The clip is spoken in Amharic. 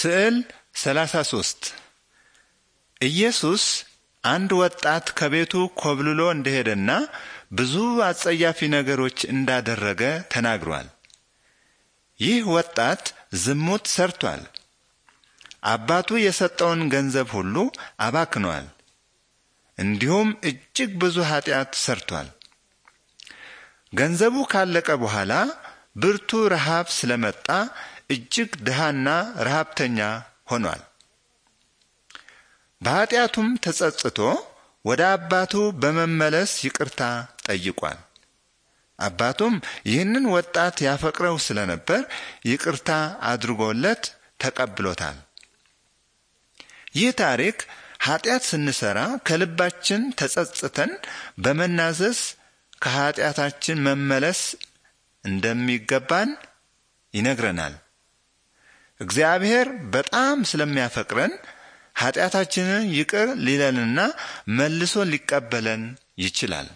ስዕል 33 ኢየሱስ አንድ ወጣት ከቤቱ ኮብልሎ እንደሄደና ብዙ አጸያፊ ነገሮች እንዳደረገ ተናግሯል። ይህ ወጣት ዝሙት ሰርቷል። አባቱ የሰጠውን ገንዘብ ሁሉ አባክኗል። እንዲሁም እጅግ ብዙ ኃጢአት ሰርቷል። ገንዘቡ ካለቀ በኋላ ብርቱ ረሃብ ስለመጣ እጅግ ድሃና ረሃብተኛ ሆኗል። በኃጢአቱም ተጸጽቶ ወደ አባቱ በመመለስ ይቅርታ ጠይቋል። አባቱም ይህንን ወጣት ያፈቅረው ስለነበር ይቅርታ አድርጎለት ተቀብሎታል። ይህ ታሪክ ኃጢአት ስንሰራ ከልባችን ተጸጽተን በመናዘዝ ከኃጢአታችን መመለስ እንደሚገባን ይነግረናል። እግዚአብሔር በጣም ስለሚያፈቅረን ኃጢአታችንን ይቅር ሊለንና መልሶ ሊቀበለን ይችላል።